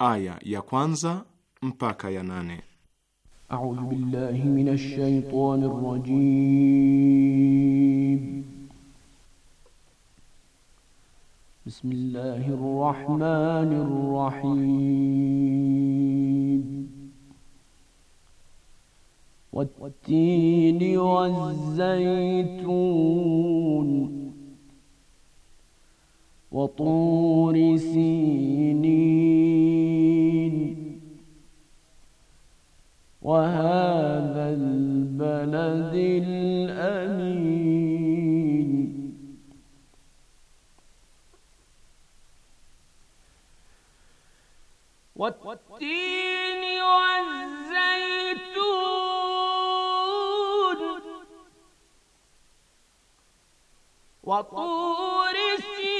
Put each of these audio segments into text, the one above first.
aya ya kwanza mpaka ya nane. A'udhu billahi minash shaitanir rajim. Bismillahir rahmanir rahim. والتين والزيتون وطور سينين وهذا البلد الأمين والتين والزيتون وطور السين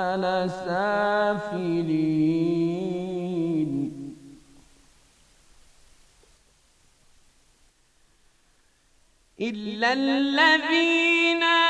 لسافلين إلا الذين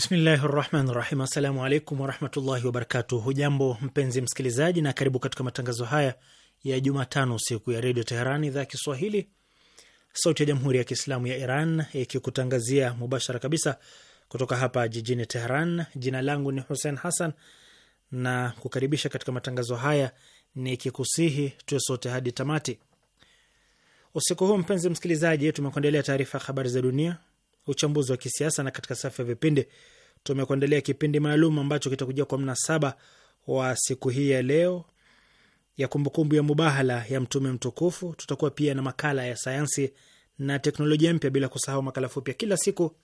Bismillahi rahmani rahim. Assalamu alaikum warahmatullahi wabarakatuh. Hujambo mpenzi msikilizaji, na karibu katika matangazo haya ya Jumatano usiku ya redio Teheran, idhaa ya Kiswahili, sauti ya jamhuri ya kiislamu ya Iran, ikikutangazia mubashara kabisa kutoka hapa jijini Teheran. Jina langu ni Hussein Hassan na kukaribisha katika matangazo haya kikusihi tuwe sote hadi tamati usiku huu. Mpenzi msikilizaji, tumekuendelea taarifa ya habari za dunia uchambuzi wa kisiasa, na katika safu ya vipindi tumekuandalia kipindi maalum ambacho kitakujia kwa mnasaba wa siku hii ya leo ya kumbukumbu ya mubahala ya Mtume mtukufu. Tutakuwa pia na makala ya sayansi na teknolojia mpya, bila kusahau makala fupi ya kila siku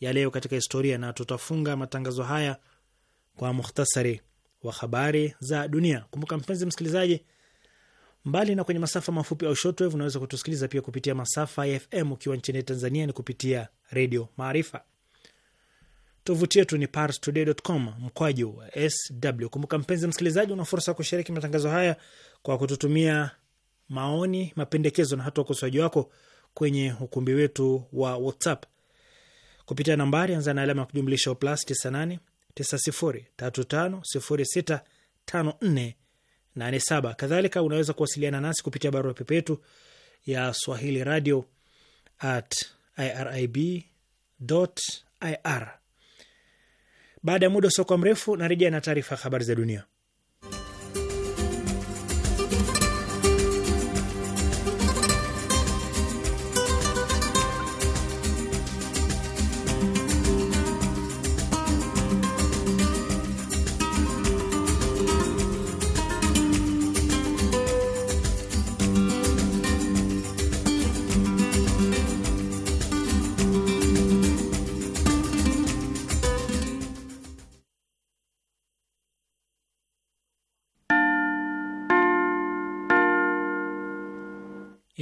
ya leo katika historia, na tutafunga matangazo haya kwa muhtasari wa habari za dunia. Kumbuka mpenzi msikilizaji Mbali na kwenye masafa mafupi au shortwave, unaweza kutusikiliza pia kupitia masafa ya FM. Ukiwa nchini Tanzania ni kupitia Redio Maarifa. Tovuti yetu ni parstoday.com mkwaju sw. Kumbuka mpenzi msikilizaji, una fursa ya kushiriki matangazo haya kwa kututumia maoni, mapendekezo na hata ukosoaji wako kwenye ukumbi wetu wa WhatsApp kupitia nambari, anza na alama ya kujumlisha plus 98 90 35 06 54 87. Kadhalika unaweza kuwasiliana nasi kupitia barua pepe yetu ya swahili radio at irib ir. Baada ya muda usiokuwa mrefu, narejea na taarifa ya habari za dunia.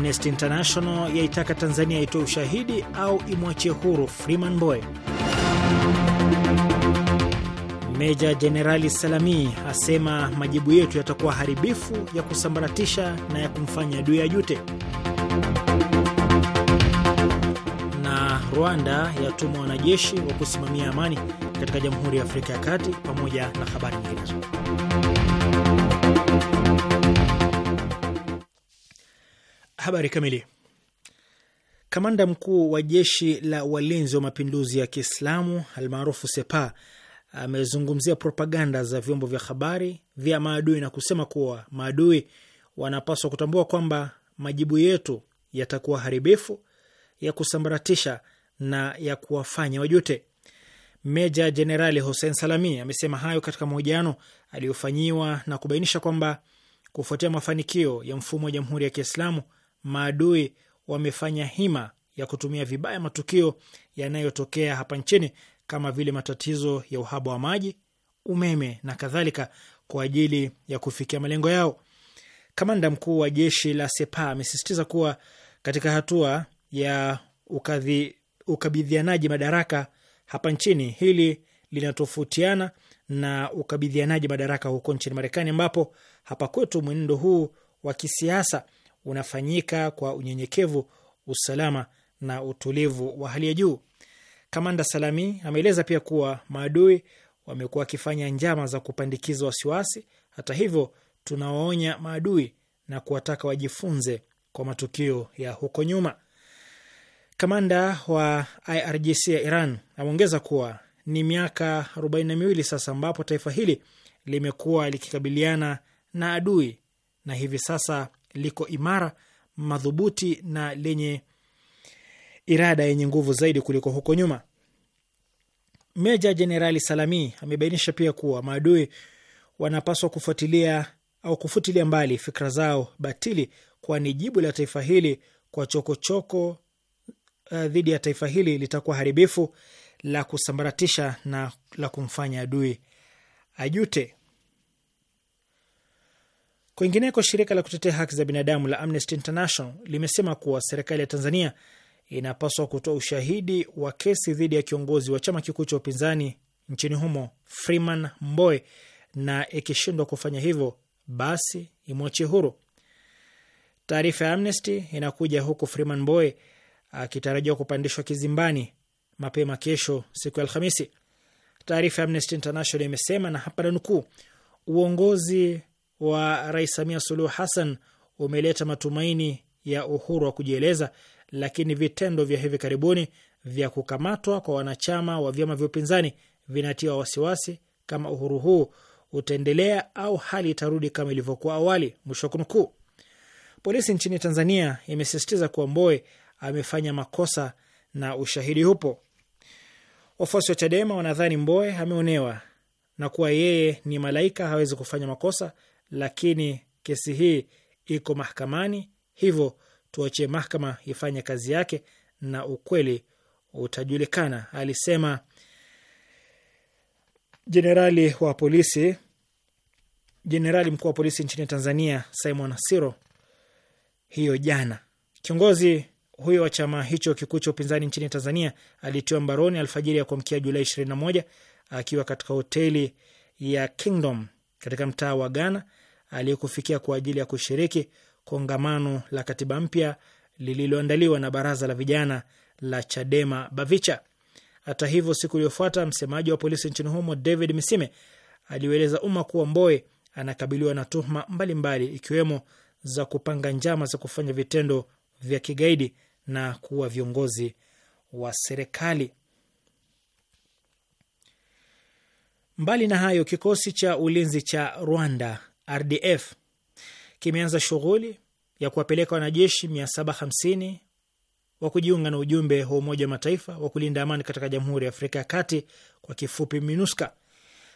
Amnesty International yaitaka Tanzania itoe ushahidi au imwachie huru Freeman Mbowe. Meja Jenerali Salami asema majibu yetu yatakuwa haribifu, ya kusambaratisha na ya kumfanya adui ajute. Na Rwanda yatuma wanajeshi wa kusimamia amani katika Jamhuri ya Afrika ya Kati, pamoja na habari nyinginezo. Habari kamili. Kamanda mkuu wa jeshi la walinzi wa mapinduzi ya Kiislamu almaarufu Sepa amezungumzia propaganda za vyombo vya habari vya maadui na kusema kuwa maadui wanapaswa kutambua kwamba majibu yetu yatakuwa haribifu, ya kusambaratisha na ya kuwafanya wajute. Meja Jenerali Hussein Salami amesema hayo katika mahojiano aliyofanyiwa na kubainisha kwamba kufuatia mafanikio ya mfumo wa Jamhuri ya Kiislamu maadui wamefanya hima ya kutumia vibaya matukio yanayotokea hapa nchini kama vile matatizo ya uhaba wa maji, umeme na kadhalika kwa ajili ya kufikia malengo yao. Kamanda mkuu wa jeshi la Sepa amesisitiza kuwa katika hatua ya ukabidhianaji madaraka hapa nchini, hili linatofautiana na ukabidhianaji madaraka huko nchini Marekani, ambapo hapa kwetu mwenendo huu wa kisiasa unafanyika kwa unyenyekevu, usalama na utulivu wa hali ya juu. Kamanda Salami ameeleza pia kuwa maadui wamekuwa wakifanya njama za kupandikiza wasiwasi. Hata hivyo, tunawaonya maadui na kuwataka wajifunze kwa matukio ya huko nyuma. Kamanda wa IRGC ya Iran ameongeza kuwa ni miaka arobaini na miwili sasa ambapo taifa hili limekuwa likikabiliana na adui na hivi sasa liko imara, madhubuti na lenye irada yenye nguvu zaidi kuliko huko nyuma. Meja Jenerali Salami amebainisha pia kuwa maadui wanapaswa kufuatilia au kufutilia mbali fikra zao batili, kwani jibu la taifa hili kwa chokochoko choko, uh, dhidi ya taifa hili litakuwa haribifu, la kusambaratisha na la kumfanya adui ajute. Kwingineko, shirika la kutetea haki za binadamu la Amnesty International limesema kuwa serikali ya Tanzania inapaswa kutoa ushahidi wa kesi dhidi ya kiongozi wa chama kikuu cha upinzani nchini humo Freeman Mbowe, na ikishindwa kufanya hivyo, basi imwachie huru. Taarifa ya Amnesty inakuja huku Freeman Mbowe akitarajiwa kupandishwa kizimbani mapema kesho, siku ya Alhamisi. Taarifa ya Amnesty International imesema, na hapa nanukuu, uongozi wa Rais Samia Suluhu Hassan umeleta matumaini ya uhuru wa kujieleza, lakini vitendo vya hivi karibuni vya kukamatwa kwa wanachama wa vyama vya upinzani vinatia wasiwasi kama uhuru huu utaendelea au hali itarudi kama ilivyokuwa awali. Mwisho wa kunukuu. Polisi nchini Tanzania imesisitiza kuwa Mboe amefanya makosa na ushahidi hupo. Wafuasi wa Chadema wanadhani Mboe ameonewa na kuwa yeye ni malaika, hawezi kufanya makosa lakini kesi hii iko mahakamani, hivyo tuachie mahakama ifanye kazi yake na ukweli utajulikana, alisema jenerali wa polisi, jenerali mkuu wa polisi nchini Tanzania Simon Siro hiyo jana. Kiongozi huyo wa chama hicho kikuu cha upinzani nchini Tanzania alitiwa mbaroni alfajiri ya kuamkia Julai 21 akiwa katika hoteli ya Kingdom katika mtaa wa Ghana aliyekufikia kwa ajili ya kushiriki kongamano la katiba mpya lililoandaliwa na baraza la vijana la Chadema Bavicha. Hata hivyo, siku iliyofuata msemaji wa polisi nchini humo David Misime alieleza umma kuwa Mboe anakabiliwa na tuhuma mbalimbali ikiwemo za kupanga njama za kufanya vitendo vya kigaidi na kuwa viongozi wa serikali. Mbali na hayo, kikosi cha ulinzi cha Rwanda RDF kimeanza shughuli ya kuwapeleka wanajeshi 750 wa kujiunga na ujumbe wa Umoja wa Mataifa wa kulinda amani katika Jamhuri ya Afrika ya Kati, kwa kifupi MINUSCA.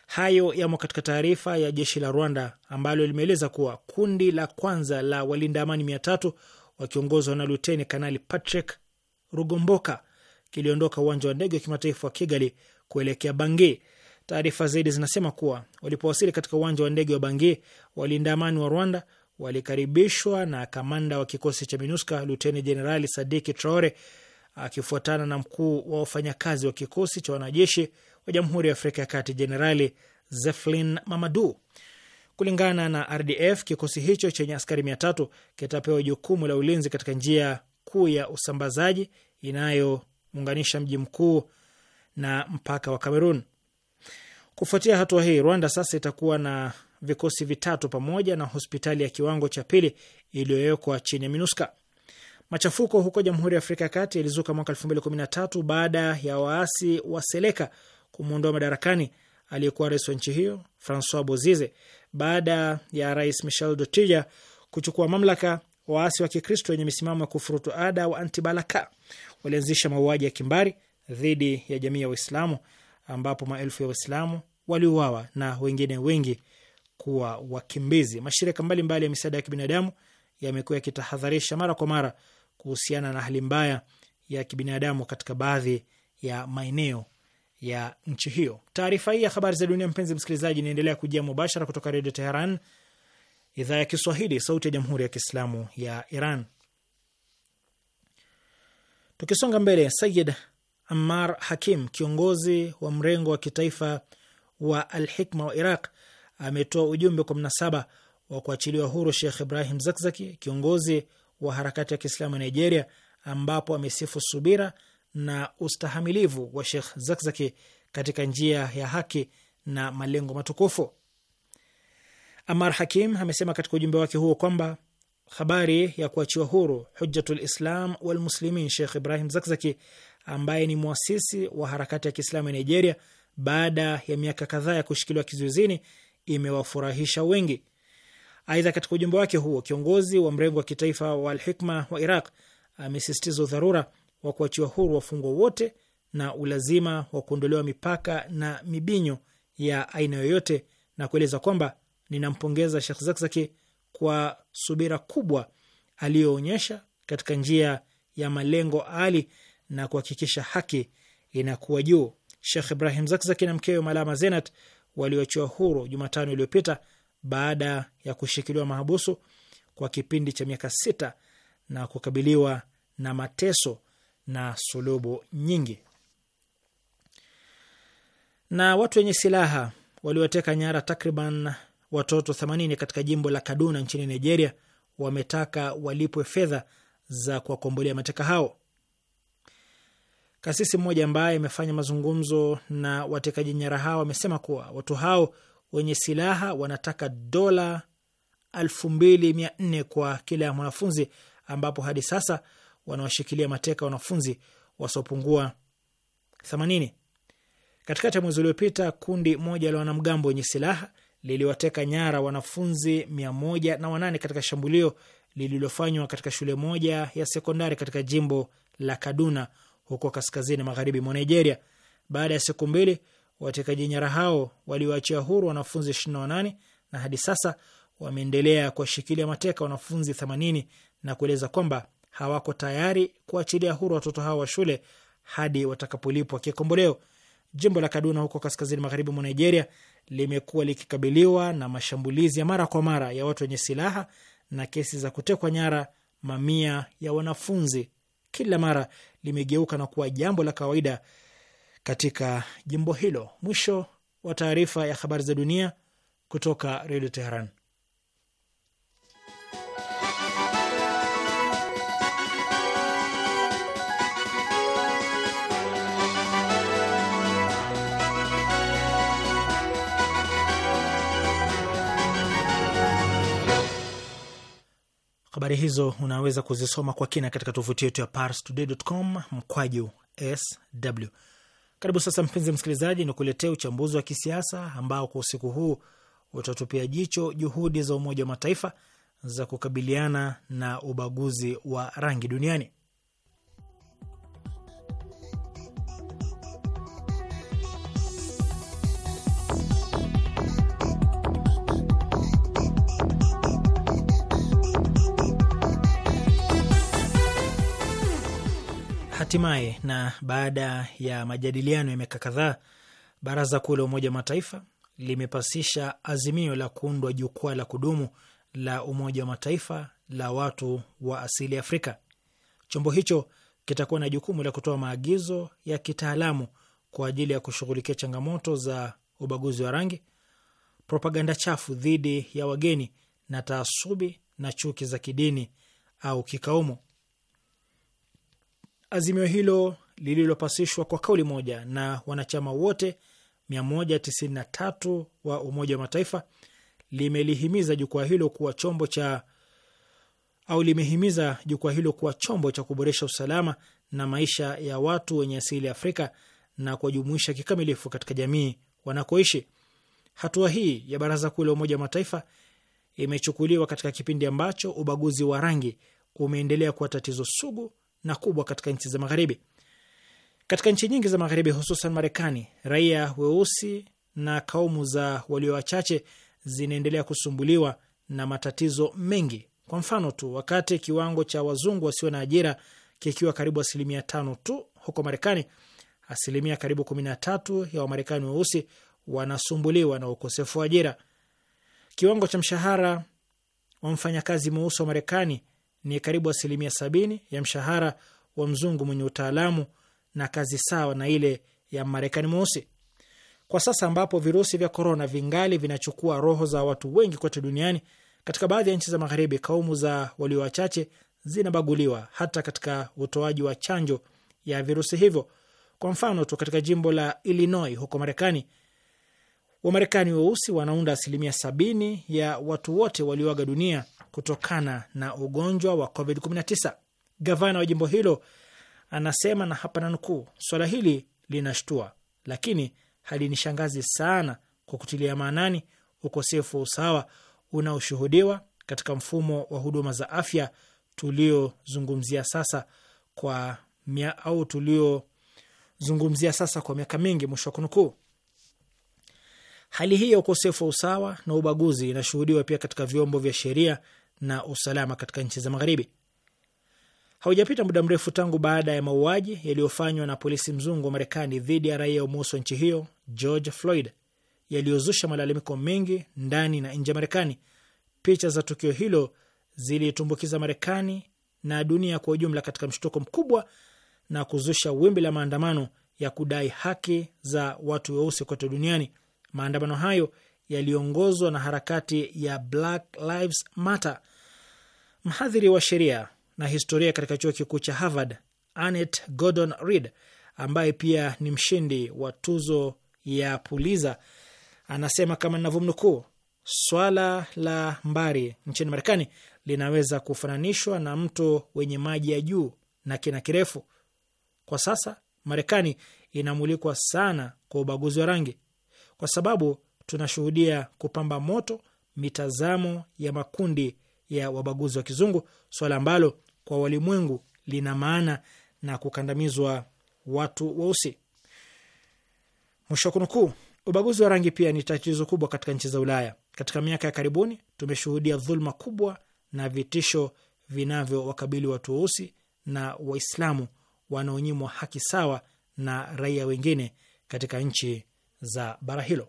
Hayo yamo katika taarifa ya jeshi la Rwanda ambalo limeeleza kuwa kundi la kwanza la walinda amani mia tatu wakiongozwa na Luteni Kanali Patrick Rugomboka kiliondoka uwanja wa ndege wa kimataifa wa Kigali kuelekea Bangui. Taarifa zaidi zinasema kuwa walipowasili katika uwanja wa ndege wa Bangi, walinda amani wa Rwanda walikaribishwa na kamanda wa kikosi cha MINUSCA Luteni Jenerali Sadiki Traore akifuatana na mkuu wa wafanyakazi wa kikosi cha wanajeshi wa Jamhuri ya Afrika ya Kati Jenerali Zeflin Mamadu. Kulingana na RDF, kikosi hicho chenye askari mia tatu kitapewa jukumu la ulinzi katika njia kuu ya usambazaji inayounganisha mji mkuu na mpaka wa Kamerun. Kufuatia hatua hii, Rwanda sasa itakuwa na vikosi vitatu pamoja na hospitali ya kiwango cha pili iliyowekwa chini ya MINUSCA. Machafuko huko Jamhuri ya Afrika ya Kati yalizuka mwaka tatu baada ya waasi wa Seleka kumwondoa madarakani aliyekuwa rais wa nchi hiyo Francois Bozize. Baada ya Rais Michel Dotija kuchukua mamlaka, waasi wa Kikristo wenye misimamo ya kufurutu ada wa Antibalaka walianzisha mauaji ya kimbari dhidi ya jamii ya Waislamu ambapo maelfu ya Waislamu waliuawa na wengine wengi kuwa wakimbizi. Mashirika mbalimbali ya misaada ya kibinadamu yamekuwa yakitahadharisha mara kwa mara kuhusiana na hali mbaya ya kibinadamu katika baadhi ya maeneo ya nchi hiyo. Taarifa hii ya habari za dunia, mpenzi msikilizaji, inaendelea kujia mubashara kutoka Redio Teheran, idhaa ya Kiswahili, sauti ya Jamhuri ya Kiislamu ya Iran. Tukisonga mbele, Sayid Ammar Hakim, kiongozi wa mrengo wa kitaifa wa Alhikma wa Iraq, ametoa ujumbe kwa mnasaba wa kuachiliwa huru Shekh Ibrahim Zakzaki, kiongozi wa harakati ya Kiislamu ya Nigeria, ambapo amesifu subira na ustahamilivu wa Shekh Zakzaki katika njia ya haki na malengo matukufu. Amar Hakim amesema katika ujumbe wake huo kwamba habari ya kuachiwa huru Hujjatul Islam walmuslimin Muslimin Shekh Ibrahim Zakzaki ambaye ni mwasisi wa harakati ya Kiislamu ya Nigeria, baada ya miaka kadhaa ya kushikiliwa kizuizini, imewafurahisha wengi. Aidha, katika ujumbe wake huo, kiongozi wa mrengo wa kitaifa wa Alhikma wa Iraq amesisitiza udharura wa kuachiwa huru wafungwa wote na ulazima wa kuondolewa mipaka na mibinyo ya aina yoyote, na kueleza kwamba ninampongeza Shekh Zakzaki kwa subira kubwa aliyoonyesha katika njia ya malengo ali na kuhakikisha haki inakuwa juu. Shekh Ibrahim Zakzaki na mkewe Malama Zenat walioachiwa huru Jumatano iliyopita baada ya kushikiliwa mahabusu kwa kipindi cha miaka sita na kukabiliwa na mateso na sulubu nyingi. Na watu wenye silaha walioteka nyara takriban watoto 80 katika jimbo la Kaduna nchini Nigeria wametaka walipwe fedha za kuwakombolea mateka hao. Kasisi mmoja ambaye amefanya mazungumzo na watekaji nyara hao amesema kuwa watu hao wenye silaha wanataka dola elfu mbili mia nne kwa kila mwanafunzi, ambapo hadi sasa wanawashikilia mateka wanafunzi wasiopungua 80. Katikati ya mwezi uliopita kundi moja la wanamgambo wenye silaha liliwateka nyara wanafunzi mia moja na wanane katika shambulio lililofanywa katika shule moja ya sekondari katika jimbo la Kaduna huko kaskazini magharibi mwa Nigeria. Baada ya siku mbili, watekaji nyara hao waliwaachia huru wanafunzi 28 na hadi sasa wameendelea kuwashikilia mateka wanafunzi 80 na kueleza kwamba hawako tayari kuachilia huru watoto hao wa shule hadi watakapolipwa kikomboleo. Jimbo la Kaduna huko kaskazini magharibi mwa Nigeria limekuwa likikabiliwa na mashambulizi ya mara kwa mara ya watu wenye silaha na kesi za kutekwa nyara mamia ya wanafunzi kila mara limegeuka na kuwa jambo la kawaida katika jimbo hilo. Mwisho wa taarifa ya habari za dunia kutoka Redio Teheran. Habari hizo unaweza kuzisoma kwa kina katika tovuti yetu ya parstoday.com mkwaju sw. Karibu sasa, mpenzi msikilizaji, ni kuletea uchambuzi wa kisiasa ambao kwa usiku huu utatupia jicho juhudi za Umoja wa Mataifa za kukabiliana na ubaguzi wa rangi duniani. Hatimaye, na baada ya majadiliano ya miaka kadhaa, baraza kuu la Umoja wa Mataifa limepasisha azimio la kuundwa jukwaa la kudumu la Umoja wa Mataifa la watu wa asili Afrika. Chombo hicho kitakuwa na jukumu la kutoa maagizo ya kitaalamu kwa ajili ya kushughulikia changamoto za ubaguzi wa rangi, propaganda chafu dhidi ya wageni na taasubi na chuki za kidini au kikaumu. Azimio hilo lililopasishwa kwa kauli moja na wanachama wote 193 wa Umoja wa Mataifa limelihimiza jukwaa hilo kuwa chombo cha au limehimiza jukwaa hilo kuwa chombo cha kuboresha usalama na maisha ya watu wenye asili ya Afrika na kuwajumuisha kikamilifu katika jamii wanakoishi. Hatua hii ya Baraza Kuu la Umoja wa Mataifa imechukuliwa katika kipindi ambacho ubaguzi wa rangi umeendelea kuwa tatizo sugu na kubwa katika nchi za Magharibi. Katika nchi nyingi za Magharibi, hususan Marekani, raia weusi na kaumu za walio wachache zinaendelea kusumbuliwa na matatizo mengi. Kwa mfano tu, wakati kiwango cha wazungu wasio na ajira kikiwa karibu asilimia tano tu huko Marekani, asilimia karibu kumi na tatu ya Wamarekani weusi wanasumbuliwa na ukosefu wa ajira. Kiwango cha mshahara wa mfanyakazi mweusi wa Marekani ni karibu asilimia sabini ya mshahara wa mzungu mwenye utaalamu na kazi sawa na ile ya Marekani mweusi. Kwa sasa ambapo virusi vya korona vingali vinachukua roho za watu wengi kote duniani, katika baadhi ya nchi za Magharibi, kaumu za walio wachache zinabaguliwa hata katika utoaji wa chanjo ya virusi hivyo. Kwa mfano tu, katika jimbo la Illinois huko Marekani, Wamarekani weusi wanaunda asilimia sabini ya watu wote walioaga dunia kutokana na ugonjwa wa COVID-19. Gavana wa jimbo hilo anasema, na hapa nanukuu, swala hili linashtua, lakini halinishangazi sana kwa kutilia maanani ukosefu wa usawa unaoshuhudiwa katika mfumo wa huduma za afya tuliozungumzia sasa kwa mia, au tuliozungumzia sasa kwa miaka mingi, mwisho wa kunukuu. Hali hii ya ukosefu wa usawa na ubaguzi inashuhudiwa pia katika vyombo vya sheria na usalama katika nchi za Magharibi. Haujapita muda mrefu tangu baada ya mauaji yaliyofanywa na polisi mzungu wa Marekani dhidi ya raia mweusi wa nchi hiyo George Floyd yaliyozusha malalamiko mengi ndani na nje ya Marekani. Picha za tukio hilo zilitumbukiza Marekani na dunia kwa ujumla katika mshtuko mkubwa na kuzusha wimbi la maandamano ya kudai haki za watu weusi kote duniani. Maandamano hayo yaliyoongozwa na harakati ya Black Lives Matter. Mhadhiri wa sheria na historia katika chuo kikuu cha Harvard, Annette Gordon Reed, ambaye pia ni mshindi wa tuzo ya Puliza, anasema kama ninavyomnukuu, swala la mbari nchini Marekani linaweza kufananishwa na mto wenye maji ya juu na kina kirefu. Kwa sasa Marekani inamulikwa sana kwa ubaguzi wa rangi, kwa sababu tunashuhudia kupamba moto mitazamo ya makundi ya wabaguzi wa kizungu, swala ambalo kwa walimwengu lina maana na kukandamizwa watu weusi. Mwisho kunukuu. Ubaguzi wa rangi pia ni tatizo kubwa katika nchi za Ulaya. Katika miaka ya karibuni tumeshuhudia dhuluma kubwa na vitisho vinavyowakabili watu weusi na Waislamu wanaonyimwa haki sawa na raia wengine katika nchi za bara hilo.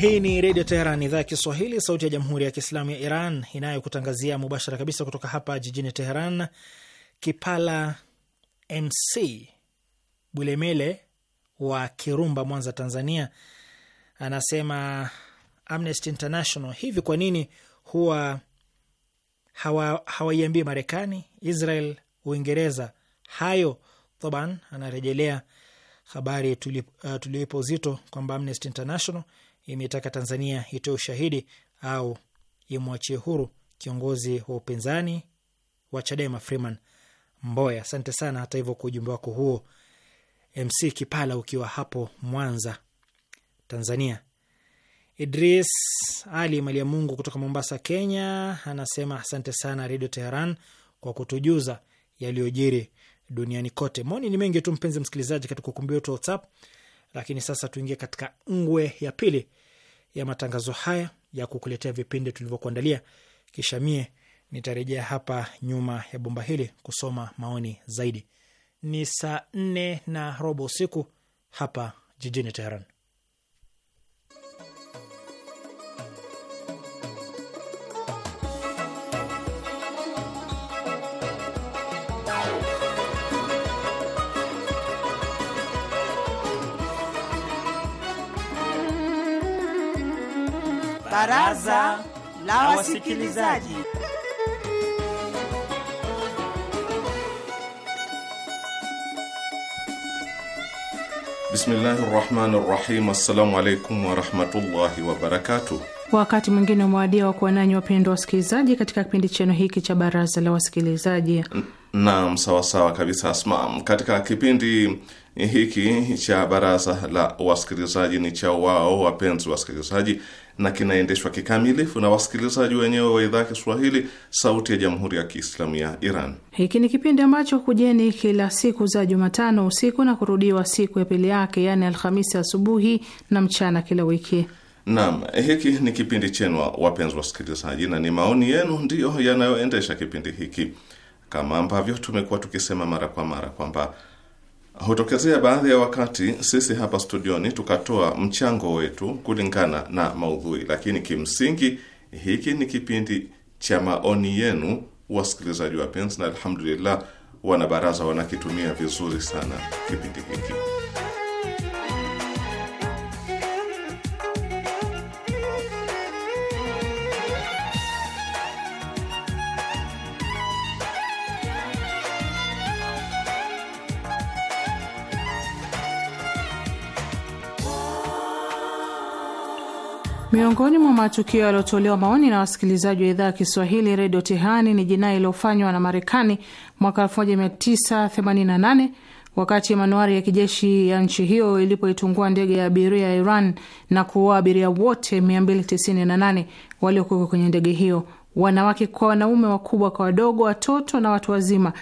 Hii ni Redio Teheran, idhaa ya Kiswahili, sauti ya Jamhuri ya Kiislamu ya Iran, inayokutangazia mubashara kabisa kutoka hapa jijini Teheran. Kipala MC Bulemele wa Kirumba, Mwanza, Tanzania, anasema Amnesty International, hivi kwa nini huwa hawaiambii hawa Marekani, Israel, Uingereza hayo Toban Anarejelea habari tuliyoipa uh, uzito kwamba Amnesty International imetaka Tanzania itoe ushahidi au imwachie huru kiongozi wa upinzani wa Chadema Freeman Mboya. Asante sana hata hivyo kwa ujumbe wako huo, MC Kipala, ukiwa hapo Mwanza, Tanzania. Idris Ali Malia Mungu kutoka Mombasa, Kenya, anasema asante sana Redio Teheran kwa kutujuza yaliyojiri duniani kote. Maoni ni mengi tu, mpenzi msikilizaji, katika ukumbi wetu wa WhatsApp lakini sasa tuingie katika ngwe ya pili ya matangazo haya ya kukuletea vipindi tulivyokuandalia, kisha mie nitarejea hapa nyuma ya bomba hili kusoma maoni zaidi. Ni saa nne na robo usiku hapa jijini Teheran. Baraza la Wasikilizaji. Bismillahi rahmani rahim. Assalamu alaikum warahmatullahi wabarakatuh. Wakati mwingine umewadia wa kuwa nanyi wapendwa wasikilizaji, katika kipindi chenu hiki cha baraza la wasikilizaji mm. Naam, sawasawa kabisa Asma. Katika kipindi hiki cha baraza la wasikilizaji ni cha wao wapenzi wasikilizaji, na kinaendeshwa kikamilifu na wasikilizaji wenyewe wa idhaa ya Kiswahili sauti ya jamhuri ya Kiislamu ya Iran. Hiki ni kipindi ambacho kujeni kila siku za Jumatano usiku na kurudiwa siku ya pili yake, yaani Alhamisi asubuhi na mchana kila wiki. Naam, hiki ni kipindi chenu wapenzi wasikilizaji, na ni maoni yenu ndiyo yanayoendesha kipindi hiki kama ambavyo tumekuwa tukisema mara kwa mara kwamba hutokezea baadhi ya wakati sisi hapa studioni tukatoa mchango wetu kulingana na maudhui, lakini kimsingi hiki ni kipindi cha maoni yenu, wasikilizaji wapenzi, na alhamdulillah wanabaraza wanakitumia vizuri sana kipindi hiki. Miongoni mwa matukio yaliyotolewa maoni na wasikilizaji wa idhaa ya Kiswahili redio Tehani ni jinai iliyofanywa na Marekani mwaka 1988 wakati manuari ya kijeshi ya nchi hiyo ilipoitungua ndege ya abiria ya Iran na kuua abiria wote 298 waliokuwa kwenye ndege hiyo, wanawake kwa wanaume, wakubwa kwa wadogo, watoto na watu wazima.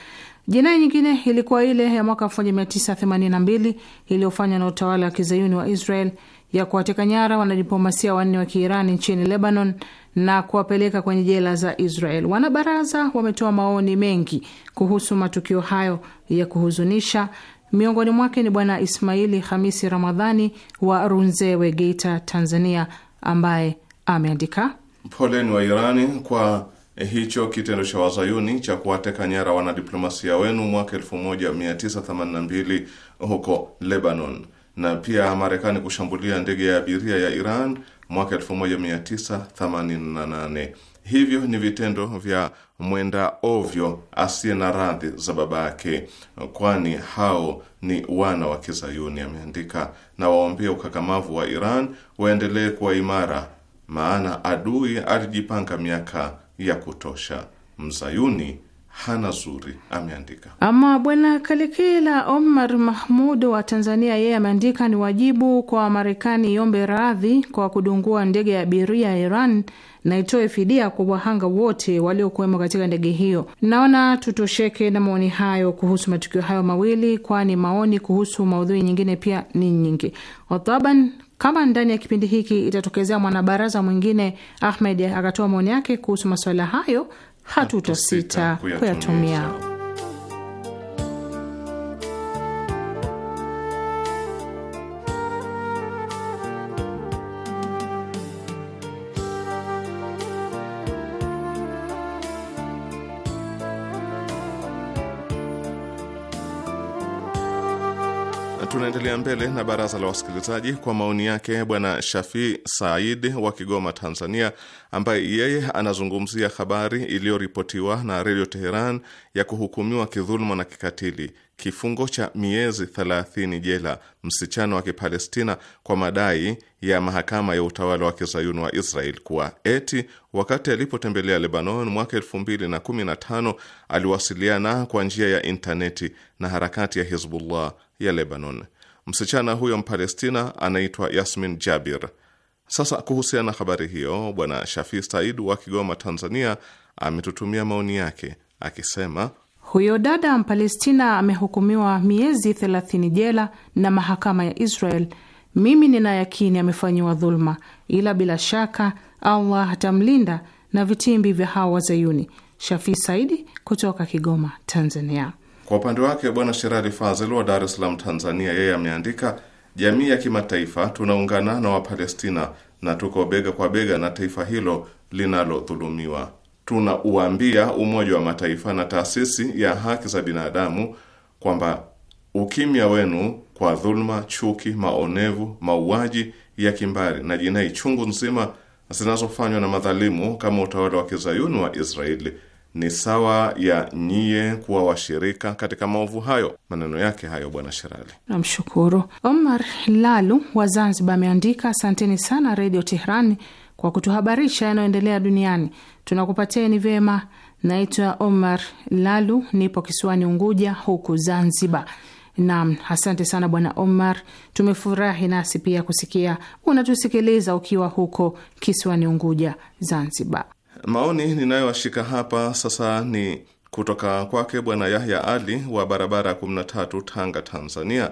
Jinai nyingine ilikuwa ile ya mwaka 1982 iliyofanywa na utawala wa kizayuni wa Israel ya kuwateka nyara wanadiplomasia wanne wa Kiirani nchini Lebanon na kuwapeleka kwenye jela za Israel. Wanabaraza wametoa maoni mengi kuhusu matukio hayo ya kuhuzunisha. Miongoni mwake ni Bwana Ismaili Hamisi Ramadhani wa Runzewe, Geita, Tanzania, ambaye ameandika poleni wa Irani kwa hicho kitendo cha wazayuni cha kuwateka nyara wanadiplomasia wenu mwaka 1982 huko Lebanon na pia Marekani kushambulia ndege ya abiria ya Iran mwaka 1988. Hivyo ni vitendo vya mwenda ovyo asiye na radhi za baba yake, kwani hao ni wana wa Kizayuni, ameandika. Na waombea ukakamavu wa Iran waendelee kuwa imara, maana adui alijipanga miaka ya kutosha. Mzayuni hana zuri ameandika. Ama bwana Kalikila Omar Mahmud wa Tanzania, yeye ameandika ni wajibu kwa Marekani iombe radhi kwa kudungua ndege ya abiria ya Iran na itoe fidia kwa wahanga wote waliokuwemo katika ndege hiyo. Naona tutosheke na maoni hayo kuhusu matukio hayo mawili, kwani maoni kuhusu maudhui nyingine pia ni nyingi. Wataban kama ndani ya kipindi hiki itatokezea mwanabaraza mwingine, Ahmed akatoa maoni yake kuhusu masuala hayo, hatutasita kuyatumia. kuendelea mbele na baraza la wasikilizaji kwa maoni yake bwana Shafi Said wa Kigoma, Tanzania, ambaye yeye anazungumzia habari iliyoripotiwa na redio Teheran ya kuhukumiwa kidhuluma na kikatili kifungo cha miezi 30 jela msichana wa Kipalestina kwa madai ya mahakama ya utawala wa kizayuni wa Israel kuwa eti wakati alipotembelea Lebanon mwaka 2015 aliwasiliana kwa njia ya intaneti na harakati ya Hizbullah ya Lebanon. Msichana huyo Mpalestina anaitwa Yasmin Jabir. Sasa kuhusiana na habari hiyo, bwana shafi Said wa Kigoma, Tanzania, ametutumia maoni yake akisema huyo dada Mpalestina amehukumiwa miezi 30 jela na mahakama ya Israel. Mimi nina yakini amefanyiwa dhuluma, ila bila shaka Allah atamlinda na vitimbi vya hawa Wazayuni. Shafi Saidi kutoka Kigoma, Tanzania. Kwa upande wake Bwana Sherali Fazil wa Dar es Salaam, Tanzania, yeye ameandika, jamii ya kimataifa tunaungana na Wapalestina na tuko bega kwa bega na taifa hilo linalodhulumiwa. Tunauambia Umoja wa Mataifa na taasisi ya haki za binadamu kwamba ukimya wenu kwa dhuluma, chuki, maonevu, mauaji ya kimbari na jinai chungu nzima zinazofanywa na madhalimu kama utawala wa kizayuni wa Israeli ni sawa ya nyie kuwa washirika katika maovu hayo. Maneno yake hayo, Bwana Sherali. Namshukuru Omar Lalu wa Zanzibar ameandika, asanteni sana Redio Teherani kwa kutuhabarisha yanayoendelea duniani, tunakupateni vyema. Naitwa Omar Lalu, nipo kisiwani Unguja huku Zanzibar. Naam, asante sana Bwana Omar, tumefurahi nasi pia kusikia unatusikiliza ukiwa huko kisiwani Unguja, Zanzibar. Maoni ninayoashika hapa sasa ni kutoka kwake Bwana Yahya Ali wa barabara 13 Tanga, Tanzania.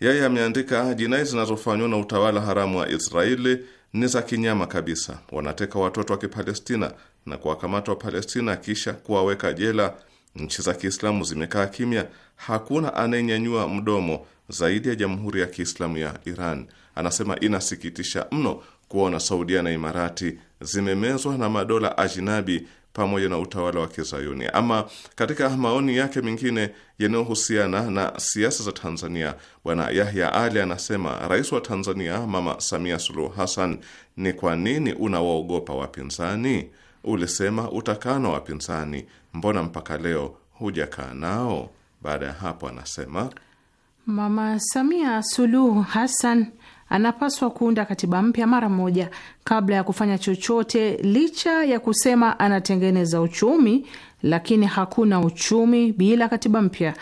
Yeye ameandika, jinai zinazofanywa na utawala haramu wa Israeli ni za kinyama kabisa. Wanateka watoto wa Kipalestina na kuwakamata wa palestina kisha kuwaweka jela. Nchi za Kiislamu zimekaa kimya, hakuna anayenyanyua mdomo zaidi ya Jamhuri ya Kiislamu ya Iran. Anasema inasikitisha mno kuona Saudia na Imarati zimemezwa na madola ajinabi pamoja na utawala wa Kizayuni. Ama katika maoni yake mengine yanayohusiana na siasa za Tanzania, Bwana Yahya Ali anasema rais wa Tanzania Mama Samia Suluhu Hassan, ni kwa nini unawaogopa wapinzani? Ulisema utakaa na wapinzani, mbona mpaka leo hujakaa nao? Baada ya hapo, anasema Mama Samia Suluhu Hassan anapaswa kuunda katiba mpya mara moja kabla ya kufanya chochote, licha ya kusema anatengeneza uchumi, lakini hakuna uchumi bila katiba mpya.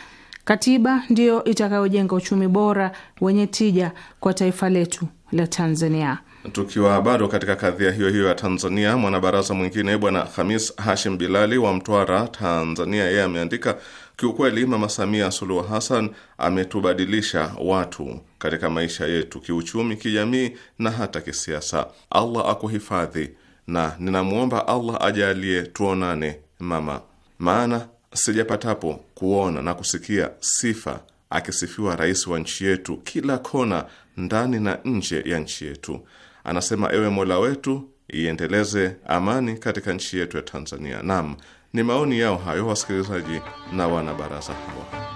Katiba ndiyo itakayojenga uchumi bora wenye tija kwa taifa letu la Tanzania. Tukiwa bado katika kadhia hiyo hiyo ya Tanzania, mwanabaraza mwingine bwana Hamis Hashim Bilali wa Mtwara, Tanzania, yeye ameandika Kiukweli, Mama Samia Suluhu Hassan ametubadilisha watu katika maisha yetu, kiuchumi, kijamii na hata kisiasa. Allah akuhifadhi, na ninamwomba Allah ajalie tuonane mama, maana sijapatapo kuona na kusikia sifa akisifiwa rais wa nchi yetu kila kona, ndani na nje ya nchi yetu. Anasema, ewe Mola wetu iendeleze amani katika nchi yetu ya Tanzania. Naam, ni maoni yao hayo wasikilizaji na wanabaraza hao.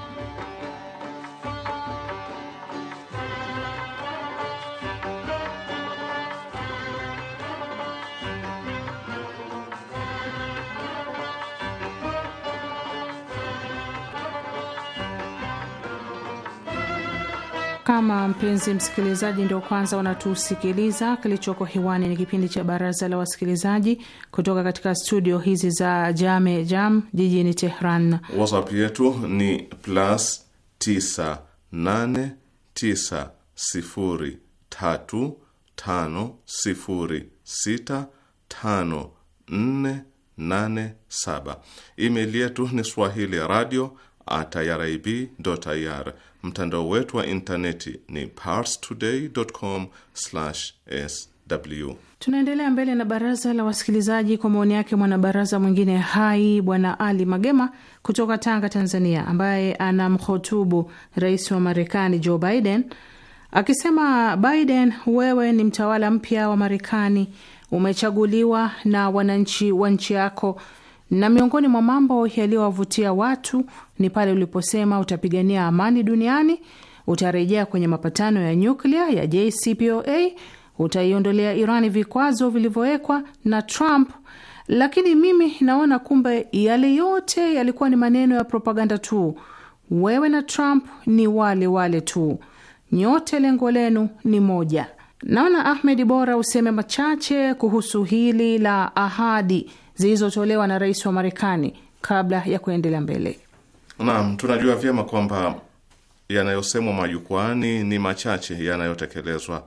Kama mpenzi msikilizaji ndio kwanza unatusikiliza, kilichoko hewani ni kipindi cha Baraza la Wasikilizaji kutoka katika studio hizi za Jame Jam jijini Tehran. WhatsApp yetu ni plus 989035065487. Email yetu ni swahili radio irib.ir. Mtandao wetu wa intaneti ni parstoday.com/sw. Tunaendelea mbele na baraza la wasikilizaji kwa maoni yake mwanabaraza mwingine hai Bwana Ali Magema kutoka Tanga, Tanzania, ambaye mhotubu rais wa Marekani Joe Biden akisema, Biden, wewe ni mtawala mpya wa Marekani, umechaguliwa na wananchi wa nchi yako na miongoni mwa mambo yaliyowavutia watu ni pale uliposema utapigania amani duniani, utarejea kwenye mapatano ya nyuklia ya JCPOA, utaiondolea Irani vikwazo vilivyowekwa na Trump. Lakini mimi naona kumbe yale yote yalikuwa ni maneno ya propaganda tu. Wewe na Trump ni wale wale tu, nyote lengo lenu ni moja. Naona Ahmed, bora useme machache kuhusu hili la ahadi zilizotolewa na rais wa Marekani kabla ya kuendelea mbele. Naam, tunajua vyema kwamba yanayosemwa majukwaani ni machache yanayotekelezwa.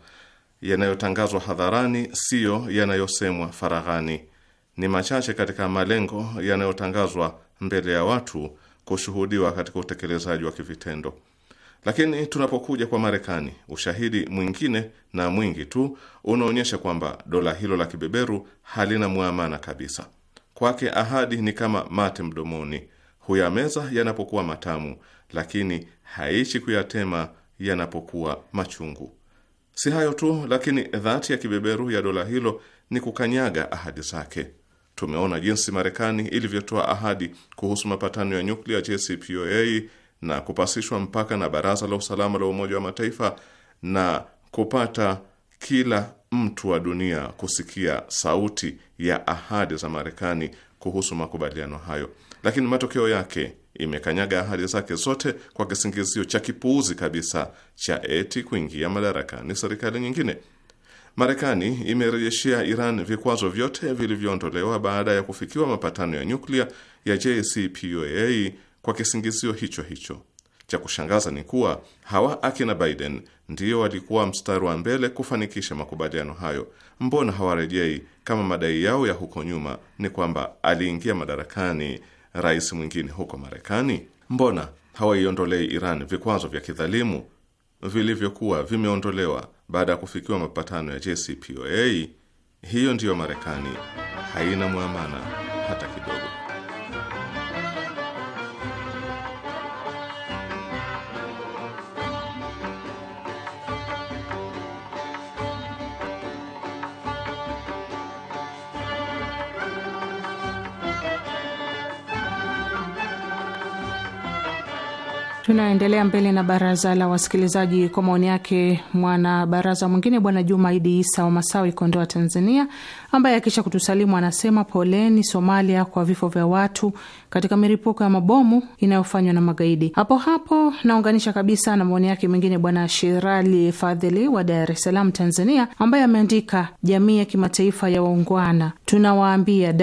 Yanayotangazwa hadharani siyo yanayosemwa faraghani, ni machache katika malengo yanayotangazwa mbele ya watu kushuhudiwa katika utekelezaji wa kivitendo. Lakini tunapokuja kwa Marekani, ushahidi mwingine na mwingi tu unaonyesha kwamba dola hilo la kibeberu halina mwamana kabisa. Kwake ahadi ni kama mate mdomoni, huyameza yanapokuwa matamu, lakini haishi kuyatema yanapokuwa machungu. Si hayo tu, lakini dhati ya kibeberu ya dola hilo ni kukanyaga ahadi zake. Tumeona jinsi Marekani ilivyotoa ahadi kuhusu mapatano ya nyuklia JCPOA na kupasishwa mpaka na Baraza la Usalama la Umoja wa Mataifa na kupata kila mtu wa dunia kusikia sauti ya ahadi za Marekani kuhusu makubaliano hayo, lakini matokeo yake imekanyaga ahadi zake zote kwa kisingizio cha kipuuzi kabisa cha eti kuingia madarakani serikali nyingine. Marekani imerejeshea Iran vikwazo vyote vilivyoondolewa baada ya kufikiwa mapatano ya nyuklia ya JCPOA kwa kisingizio hicho hicho. Cha kushangaza ni kuwa hawa akina Biden ndiyo walikuwa mstari wa mbele kufanikisha makubaliano hayo. Mbona hawarejei kama madai yao ya huko nyuma ni kwamba aliingia madarakani rais mwingine huko Marekani? Mbona hawaiondolei Iran vikwazo vya kidhalimu vilivyokuwa vimeondolewa baada ya kufikiwa mapatano ya JCPOA? Hiyo ndiyo Marekani, haina mwamana. Tunaendelea mbele na baraza la wasikilizaji kwa maoni yake mwana baraza mwingine bwana Juma Idi Isa wa Masawi, Kondoa, Tanzania, ambaye akisha kutusalimu anasema poleni Somalia kwa vifo vya watu katika milipuko ya mabomu inayofanywa na magaidi. Hapo hapo naunganisha kabisa na maoni yake mwingine bwana Shirali Fadhili wa Dar es Salaam, Tanzania, ambaye ameandika jamii ya kimataifa ya waungwana, tunawaambia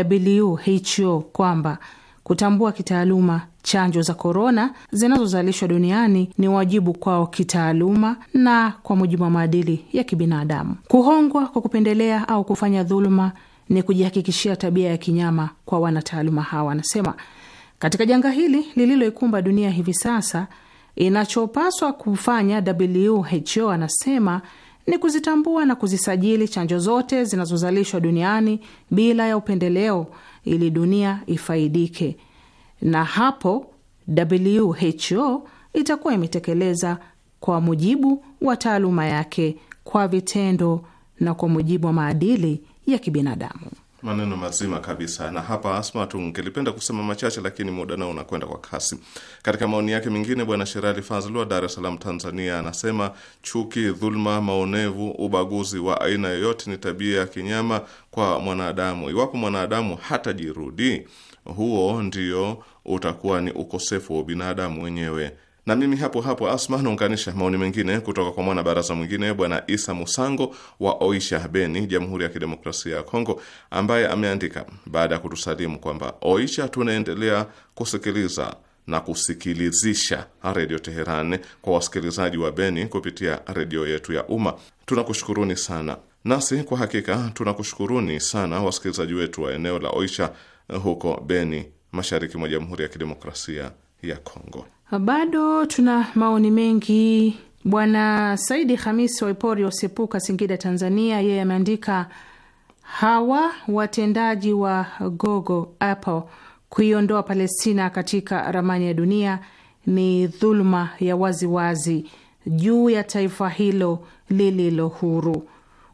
WHO kwamba kutambua kitaaluma chanjo za korona zinazozalishwa duniani ni wajibu kwao kitaaluma na kwa mujibu wa maadili ya kibinadamu. Kuhongwa kwa kupendelea au kufanya dhuluma ni kujihakikishia tabia ya kinyama kwa wanataaluma hawa, anasema. Katika janga hili lililoikumba dunia hivi sasa, inachopaswa kufanya WHO, anasema, ni kuzitambua na kuzisajili chanjo zote zinazozalishwa duniani bila ya upendeleo ili dunia ifaidike, na hapo WHO itakuwa imetekeleza kwa mujibu wa taaluma yake, kwa vitendo na kwa mujibu wa maadili ya kibinadamu. Maneno mazima kabisa, na hapa Asma, tungelipenda kusema machache, lakini muda nao unakwenda kwa kasi. Katika maoni yake mengine, Bwana Sherali Fazl wa Dar es Salaam, Tanzania, anasema chuki, dhuluma, maonevu, ubaguzi wa aina yoyote ni tabia ya kinyama kwa mwanadamu. Iwapo mwanadamu hatajirudi, huo ndio utakuwa ni ukosefu wa binadamu wenyewe. Na mimi hapo hapo Asma, naunganisha maoni mengine kutoka kwa mwana baraza mwingine Bwana Isa Musango wa Oisha Beni, Jamhuri ya Kidemokrasia ya Kongo, ambaye ameandika baada ya kutusalimu kwamba Oisha tunaendelea kusikiliza na kusikilizisha redio Teheran kwa wasikilizaji wa Beni kupitia redio yetu ya umma. Tunakushukuruni sana. Nasi kwa hakika tunakushukuruni sana wasikilizaji wetu wa eneo la Oisha eh, huko Beni, mashariki mwa Jamhuri ya Kidemokrasia ya Kongo. Bado tuna maoni mengi. Bwana Saidi Hamisi Waipori Wasepuka, Singida, Tanzania, yeye ameandika hawa watendaji wa gogo Apple kuiondoa Palestina katika ramani ya dunia ni dhuluma ya waziwazi wazi juu ya taifa hilo lililo huru.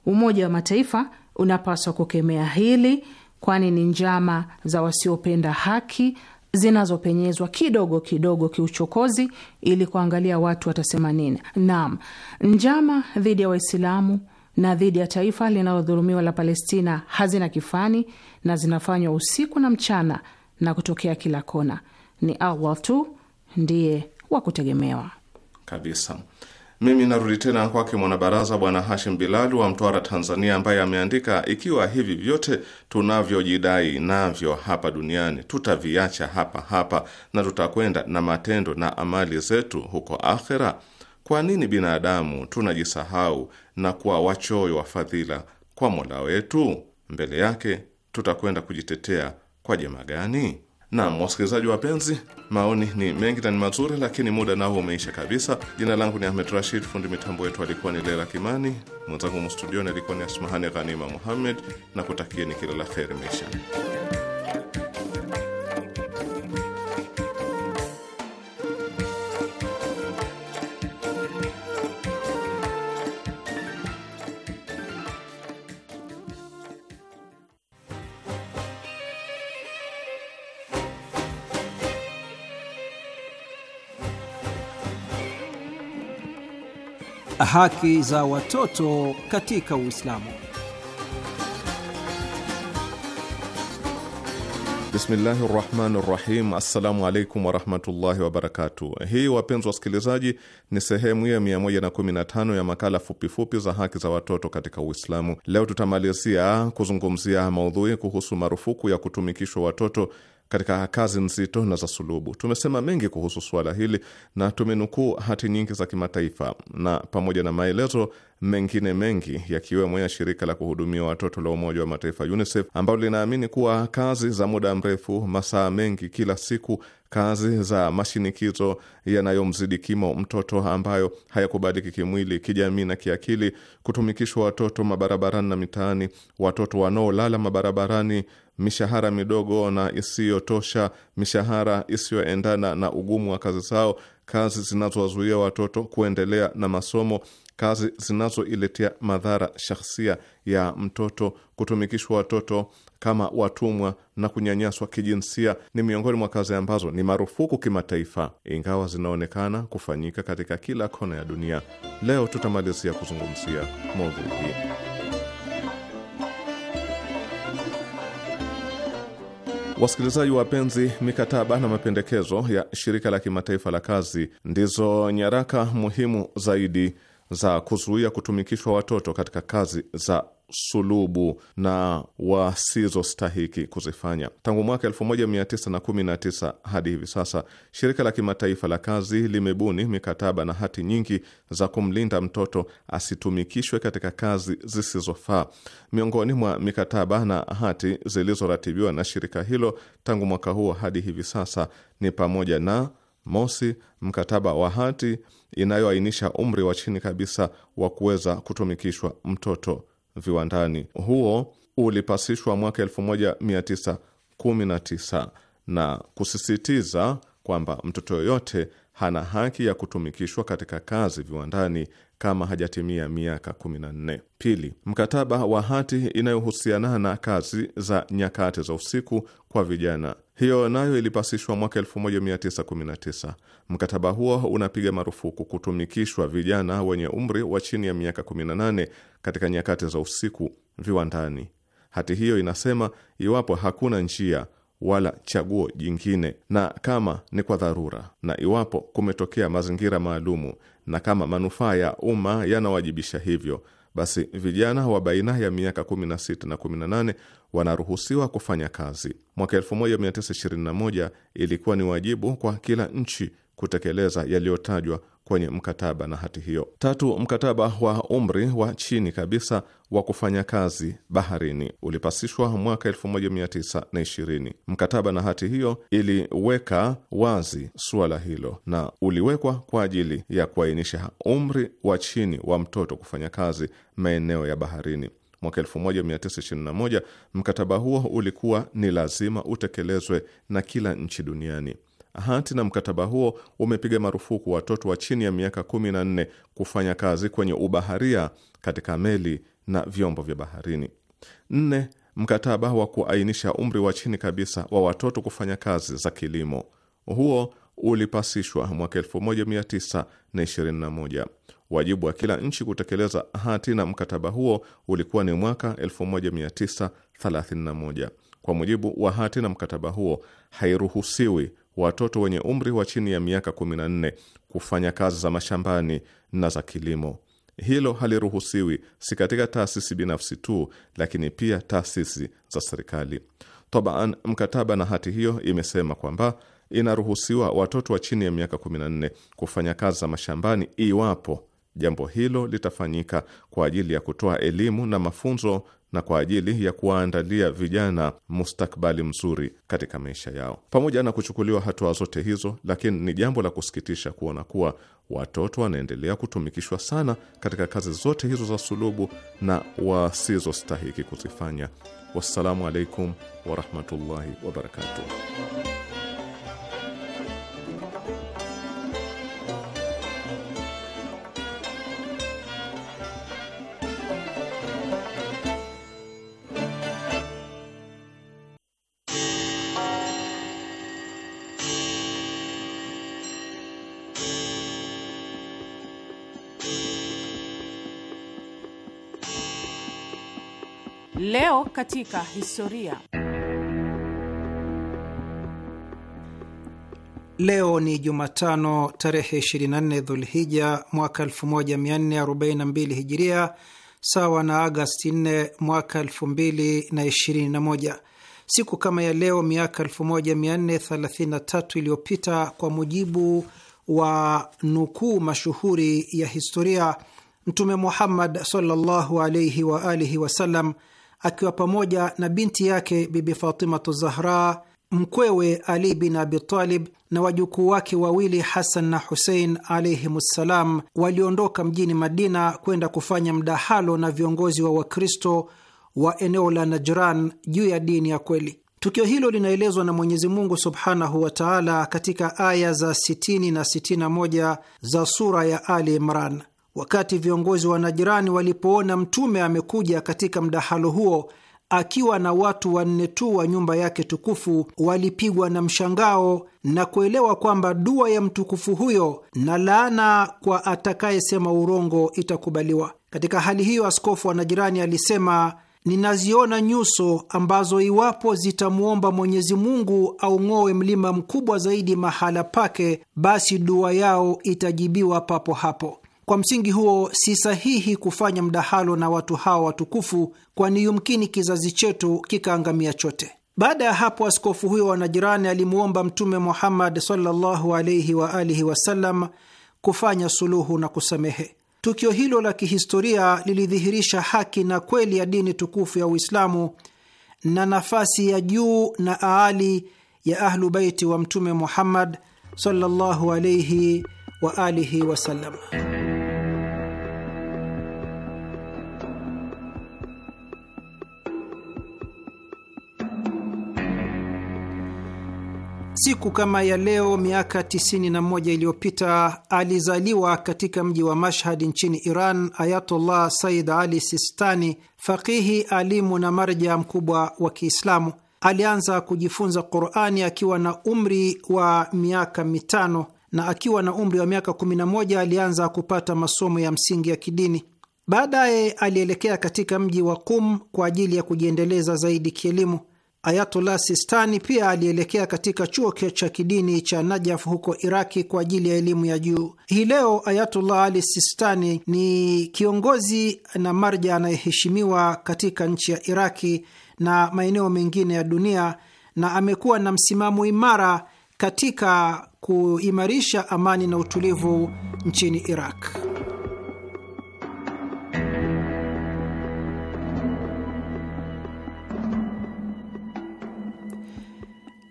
Umoja wa Mataifa unapaswa kukemea hili, kwani ni njama za wasiopenda haki zinazopenyezwa kidogo kidogo kiuchokozi, ili kuangalia watu watasema nini. Naam, njama dhidi ya Waislamu na dhidi ya taifa linalodhulumiwa la Palestina hazina kifani na zinafanywa usiku na mchana na kutokea kila kona. Ni Allah tu ndiye wa kutegemewa kabisa. Mimi narudi tena kwake mwanabaraza Bwana Hashim Bilal wa Mtwara, Tanzania, ambaye ameandika, ikiwa hivi vyote tunavyojidai navyo hapa duniani tutaviacha hapa hapa na tutakwenda na matendo na amali zetu huko akhera, kwa nini binadamu tunajisahau na kuwa wachoyo wa fadhila kwa Mola wetu? Mbele yake tutakwenda kujitetea kwa jema gani? Naam, wasikilizaji wapenzi, maoni ni mengi na ni mazuri, lakini muda nao umeisha kabisa. Jina langu ni Ahmed Rashid, fundi mitambo wetu alikuwa ni Lela Kimani, mwenzangu mstudioni alikuwa ni Asmahani Ghanima Muhammed, na kutakieni kila la kheri maishani. Haki za watoto katika Uislamu. Bismillahi rahmani rahim. Assalamu alaikum warahmatullahi wabarakatu. Hii wapenzi wasikilizaji, ni sehemu ya 115 ya makala fupifupi za haki za watoto katika Uislamu. Leo tutamalizia kuzungumzia maudhui kuhusu marufuku ya kutumikishwa watoto katika kazi nzito na za sulubu. Tumesema mengi kuhusu suala hili na tumenukuu hati nyingi za kimataifa na pamoja na maelezo mengine mengi yakiwemo ya shirika la kuhudumia watoto la Umoja wa Mataifa UNICEF ambalo linaamini kuwa kazi za muda mrefu, masaa mengi kila siku, kazi za mashinikizo yanayomzidi kimo mtoto, ambayo hayakubaliki kimwili, kijamii na kiakili, kutumikishwa watoto mabarabarani na mitaani, watoto wanaolala mabarabarani mishahara midogo na isiyotosha, mishahara isiyoendana na ugumu wa kazi zao, kazi zinazowazuia watoto kuendelea na masomo, kazi zinazoiletea madhara shahsia ya mtoto, kutumikishwa watoto kama watumwa na kunyanyaswa kijinsia ni miongoni mwa kazi ambazo ni marufuku kimataifa, ingawa zinaonekana kufanyika katika kila kona ya dunia. Leo tutamalizia kuzungumzia maudhui hii. Wasikilizaji wapenzi, mikataba na mapendekezo ya shirika la kimataifa la kazi ndizo nyaraka muhimu zaidi za kuzuia kutumikishwa watoto katika kazi za sulubu na wasizostahiki kuzifanya. Tangu mwaka 1919 hadi hivi sasa, shirika la kimataifa la kazi limebuni mikataba na hati nyingi za kumlinda mtoto asitumikishwe katika kazi zisizofaa. Miongoni mwa mikataba na hati zilizoratibiwa na shirika hilo tangu mwaka huo hadi hivi sasa ni pamoja na mosi, mkataba wa hati inayoainisha umri wa chini kabisa wa kuweza kutumikishwa mtoto viwandani huo ulipasishwa mwaka 1919 na kusisitiza kwamba mtoto yoyote hana haki ya kutumikishwa katika kazi viwandani kama hajatimia miaka 14. Pili, mkataba wa hati inayohusiana na kazi za nyakati za usiku kwa vijana hiyo nayo ilipasishwa mwaka 1919. Mkataba huo unapiga marufuku kutumikishwa vijana wenye umri wa chini ya miaka 18 katika nyakati za usiku viwandani. Hati hiyo inasema iwapo hakuna njia wala chaguo jingine, na kama ni kwa dharura, na iwapo kumetokea mazingira maalumu, na kama manufaa ya umma yanawajibisha hivyo basi vijana wa baina ya miaka 16 na 18 wanaruhusiwa kufanya kazi. Mwaka 1921 ilikuwa ni wajibu kwa kila nchi kutekeleza yaliyotajwa kwenye mkataba na hati hiyo. Tatu, mkataba wa umri wa chini kabisa wa kufanya kazi baharini ulipasishwa mwaka 1920. Mkataba na hati hiyo iliweka wazi suala hilo na uliwekwa kwa ajili ya kuainisha umri wa chini wa mtoto kufanya kazi maeneo ya baharini. Mwaka 1921 mkataba huo ulikuwa ni lazima utekelezwe na kila nchi duniani hati na mkataba huo umepiga marufuku watoto wa chini ya miaka 14 kufanya kazi kwenye ubaharia katika meli na vyombo vya baharini. Nne, mkataba wa kuainisha umri wa chini kabisa wa watoto kufanya kazi za kilimo huo ulipasishwa mwaka 1921. Wajibu wa kila nchi kutekeleza hati na mkataba huo ulikuwa ni mwaka 1931. Kwa mujibu wa hati na mkataba huo, hairuhusiwi watoto wenye umri wa chini ya miaka 14 kufanya kazi za mashambani na za kilimo. Hilo haliruhusiwi si katika taasisi binafsi tu, lakini pia taasisi za serikali. Tabaan, mkataba na hati hiyo imesema kwamba inaruhusiwa watoto wa chini ya miaka 14 kufanya kazi za mashambani iwapo jambo hilo litafanyika kwa ajili ya kutoa elimu na mafunzo na kwa ajili ya kuwaandalia vijana mustakbali mzuri katika maisha yao. Pamoja na kuchukuliwa hatua zote hizo, lakini ni jambo la kusikitisha kuona kuwa watoto wanaendelea kutumikishwa sana katika kazi zote hizo za sulubu na wasizostahiki kuzifanya. Wassalamu alaikum warahmatullahi wabarakatuh. Leo katika historia. Leo ni Jumatano tarehe 24 Dhulhija mwaka 1442 Hijiria, sawa na Agasti 4 mwaka 2021. Siku kama ya leo miaka 1433 iliyopita, kwa mujibu wa nukuu mashuhuri ya historia, Mtume Muhammad sallallahu alaihi wa alihi wasallam akiwa pamoja na binti yake Bibi Fatimatu Zahra, mkwewe Ali bin Abi Talib na wajukuu wake wawili Hasan na Husein ssalam, waliondoka mjini Madina kwenda kufanya mdahalo na viongozi wa Wakristo wa eneo la Najran juu ya dini ya kweli. Tukio hilo linaelezwa na Mwenyezi Mungu subhanahu wa taala katika aya za 60 na 61 za sura ya Ali Imran. Wakati viongozi wa Najirani walipoona Mtume amekuja katika mdahalo huo akiwa na watu wanne tu wa nyumba yake tukufu, walipigwa na mshangao na kuelewa kwamba dua ya mtukufu huyo na laana kwa atakayesema urongo itakubaliwa. Katika hali hiyo, askofu wa Najirani alisema Ninaziona nyuso ambazo iwapo zitamwomba Mwenyezi Mungu aung'oe mlima mkubwa zaidi mahala pake, basi dua yao itajibiwa papo hapo. Kwa msingi huo, si sahihi kufanya mdahalo na watu hawa watukufu, kwani yumkini kizazi chetu kikaangamia chote. Baada ya hapo, askofu huyo wa Najirani alimwomba Mtume Muhammad sallallahu alaihi wa alihi wasallam kufanya suluhu na kusamehe. Tukio hilo la kihistoria lilidhihirisha haki na kweli ya dini tukufu ya Uislamu na nafasi ya juu na aali ya Ahlu Baiti wa Mtume Muhammad sallallahu alaihi wa alihi wasallam. Siku kama ya leo miaka 91 iliyopita alizaliwa katika mji wa Mashhad nchini Iran Ayatullah Said Ali Sistani, faqihi alimu na marja mkubwa wa Kiislamu. Alianza kujifunza Qurani akiwa na umri wa miaka mitano na akiwa na umri wa miaka 11 alianza kupata masomo ya msingi ya kidini. Baadaye alielekea katika mji wa Kum kwa ajili ya kujiendeleza zaidi kielimu. ayatullah Sistani pia alielekea katika chuo cha kidini cha Najaf huko Iraki kwa ajili ya elimu ya juu. Hii leo ayatullah Ali Sistani ni kiongozi na marja anayeheshimiwa katika nchi ya Iraki na maeneo mengine ya dunia na amekuwa na msimamo imara katika kuimarisha amani na utulivu nchini Iraq.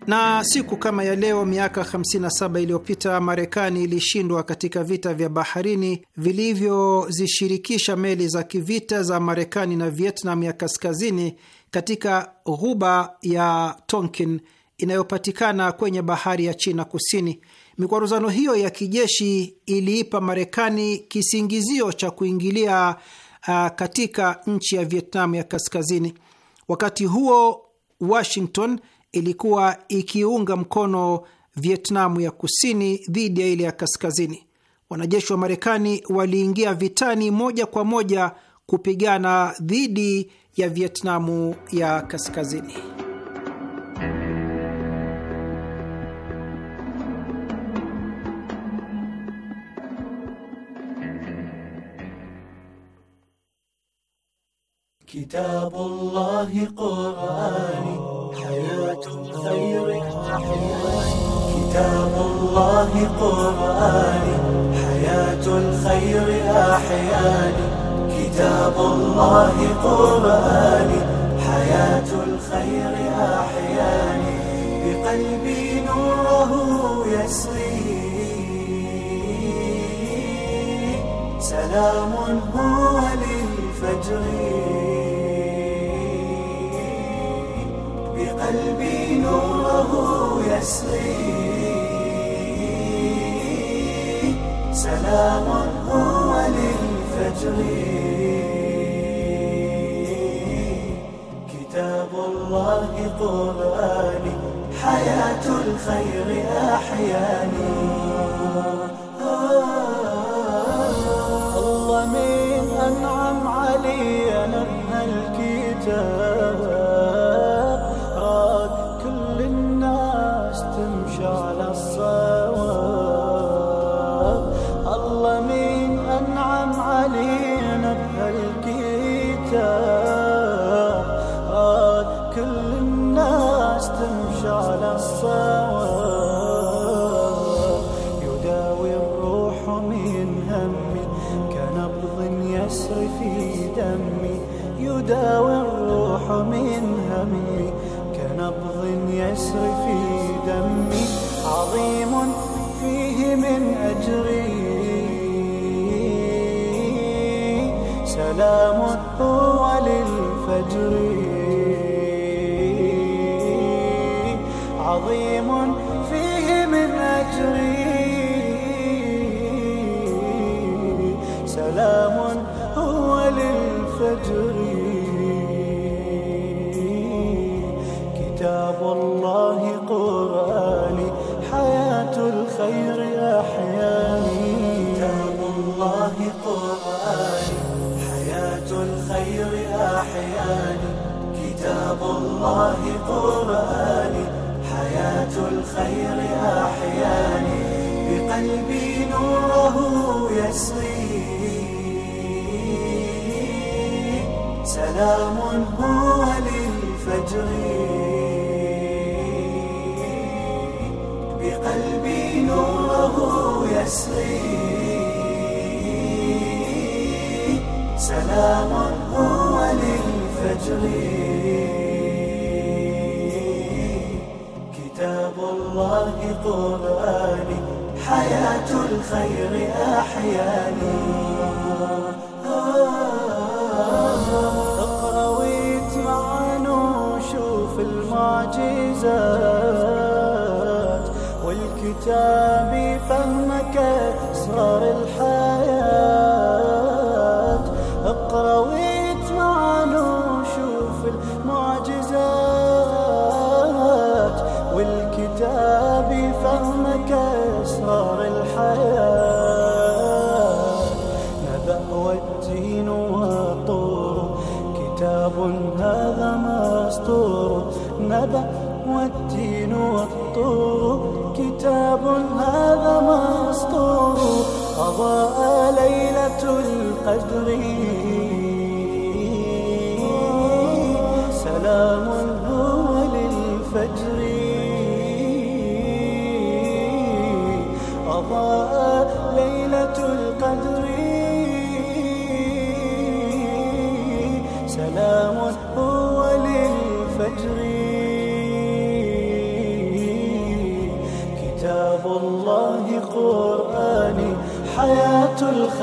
Na siku kama ya leo miaka 57 iliyopita Marekani ilishindwa katika vita vya baharini vilivyozishirikisha meli za kivita za Marekani na Vietnam ya kaskazini katika ghuba ya Tonkin inayopatikana kwenye bahari ya China Kusini. Mikwaruzano hiyo ya kijeshi iliipa Marekani kisingizio cha kuingilia uh, katika nchi ya Vietnam ya Kaskazini. Wakati huo Washington ilikuwa ikiunga mkono Vietnamu ya Kusini dhidi ya ile ya Kaskazini. Wanajeshi wa Marekani waliingia vitani moja kwa moja kupigana dhidi ya Vietnamu ya Kaskazini. كتاب الله قرآني حياة خير كتاب الله قرآني حياة الخير أحياني كتاب الله قرآني حياة الخير أحياني بقلبي نوره يسري سلام هو للفجر قلبي نوره يسري سلام هو للفجر كتاب الله قرآني حياة الخير أحياني الله من أنعم علي نبه الكتاب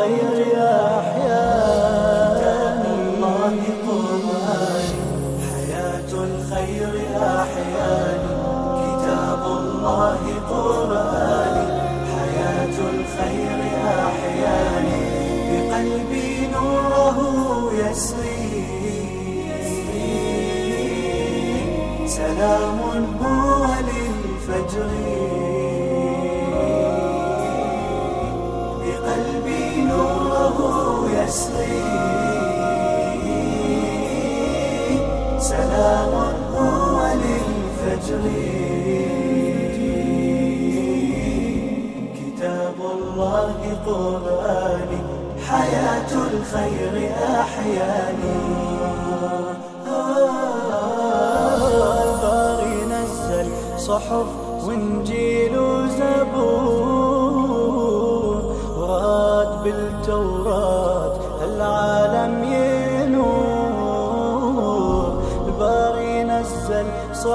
الخير أحياني الله قرآني حياة الخير أحياني كتاب الله قرآني حياة الخير أحياني بقلبي نوره يسري سلام هو للفجر سلام هو للفجر كتاب الله قرآني حياة الخير أحياني الباري نزل صحف وانجيل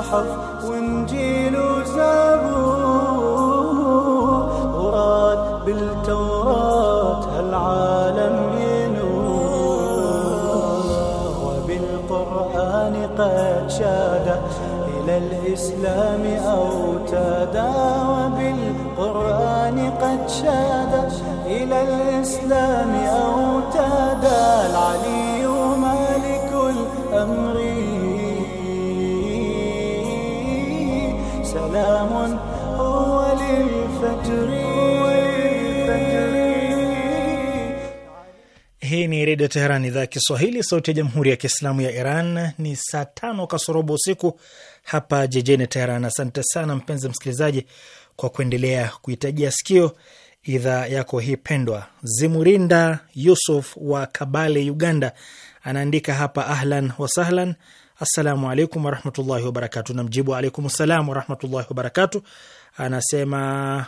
صحف وانجيل وزبور وراد بالتوراة هالعالم ينور وبالقرآن قد شاد إلى الإسلام أوتادا وبالقرآن قد شاد إلى الإسلام أوتادا العليم Hii ni Redio Teheran, idhaa ya Kiswahili, sauti ya Jamhuri ya Kiislamu ya Iran. Ni saa tano kasorobo usiku hapa jijini Teheran. Asante sana mpenzi msikilizaji kwa kuendelea kuhitajia sikio idhaa yako hii pendwa. Zimurinda Yusuf wa Kabale, Uganda, anaandika hapa, ahlan wasahlan, assalamu alaikum warahmatullahi wabarakatu. Namjibu alaikum salam warahmatullahi wabarakatu. Anasema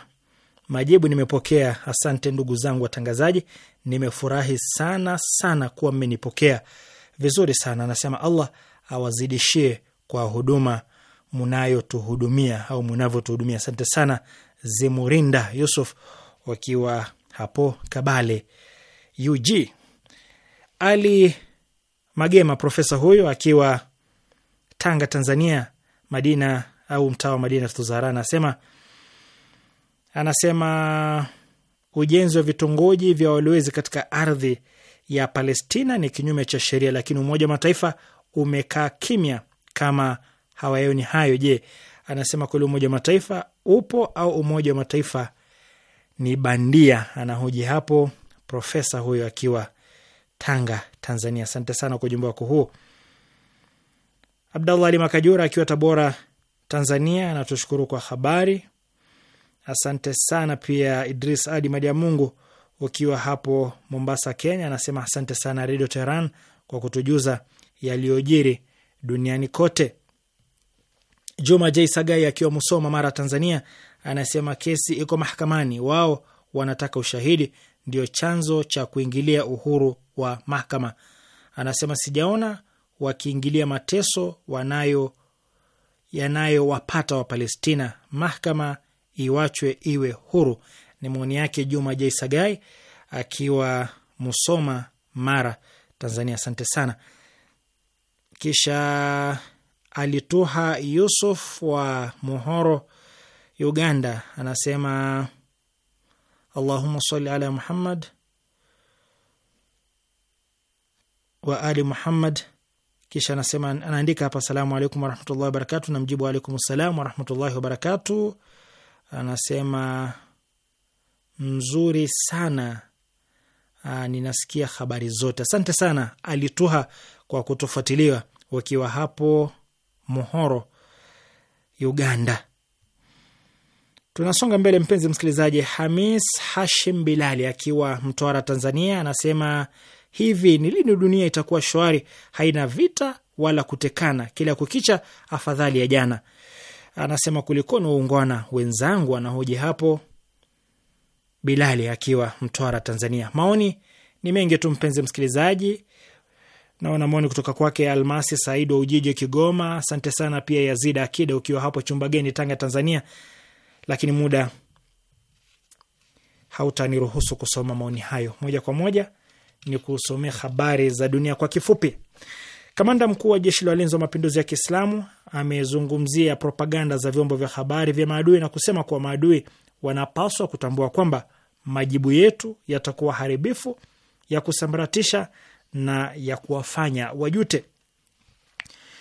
Majibu nimepokea, asante ndugu zangu watangazaji, nimefurahi sana sana kuwa mmenipokea vizuri sana. Anasema Allah awazidishie kwa huduma mnayotuhudumia au mnavyotuhudumia. Asante sana Zimurinda Yusuf wakiwa hapo Kabale UG. Ali Magema, profesa huyo akiwa Tanga, Tanzania, Madina au mtaa wa Madina Tuzahara, anasema anasema ujenzi wa vitongoji vya walowezi katika ardhi ya Palestina ni kinyume cha sheria, lakini Umoja wa Mataifa umekaa kimya kama hawayoni hayo. Je, anasema kweli Umoja wa Mataifa upo au Umoja wa Mataifa ni bandia? Anahoji hapo profesa huyo akiwa Tanga, Tanzania. Asante sana kwa ujumbe wako huo. Abdallah Ali Makajura akiwa Tabora, Tanzania, anatushukuru kwa habari. Asante sana pia Idris Adi Madia Mungu ukiwa hapo Mombasa, Kenya, anasema asante sana Redio Teheran kwa kutujuza yaliyojiri duniani kote. Juma J Sagai akiwa Musoma, Mara, Tanzania, anasema kesi iko mahakamani, wao wanataka ushahidi, ndio chanzo cha kuingilia uhuru wa mahakama. Anasema sijaona wakiingilia mateso wanayo yanayowapata Wapalestina. Mahakama iwachwe iwe huru. Ni maoni yake Juma J Sagai akiwa Musoma, Mara, Tanzania. Asante sana. Kisha Alituha Yusuf wa Mohoro, Uganda, anasema allahuma sali ala Muhammad wa ali Muhammad. Kisha anasema anaandika hapa, asalamu alaikum warahmatullahi wabarakatu. Namjibu waalaikum salam warahmatullahi wabarakatu anasema mzuri sana aa, ah, ninasikia habari zote. Asante sana Alituha kwa kutofuatiliwa wakiwa hapo Mohoro, Uganda. Tunasonga mbele, mpenzi msikilizaji. Hamis Hashim Bilali akiwa Mtwara, Tanzania, anasema hivi, ni lini dunia itakuwa shwari, haina vita wala kutekana, kila kukicha afadhali ya jana? anasema kulikoni uungwana wenzangu, anahoji hapo Bilali akiwa Mtwara, Tanzania. Maoni ni mengi tu, mpenzi msikilizaji. Naona maoni kutoka kwake Almasi Said wa Ujiji, Kigoma. Asante sana pia Yazida Akida ukiwa hapo chumba geni, Tanga, Tanzania, lakini muda hautaniruhusu kusoma maoni hayo moja kwa moja. Ni kusomea habari za dunia kwa kifupi. Kamanda mkuu wa jeshi la walinzi wa mapinduzi ya Kiislamu amezungumzia propaganda za vyombo vya habari vya maadui na kusema kuwa maadui wanapaswa kutambua kwamba majibu yetu yatakuwa haribifu, ya kusambaratisha na ya kuwafanya wajute.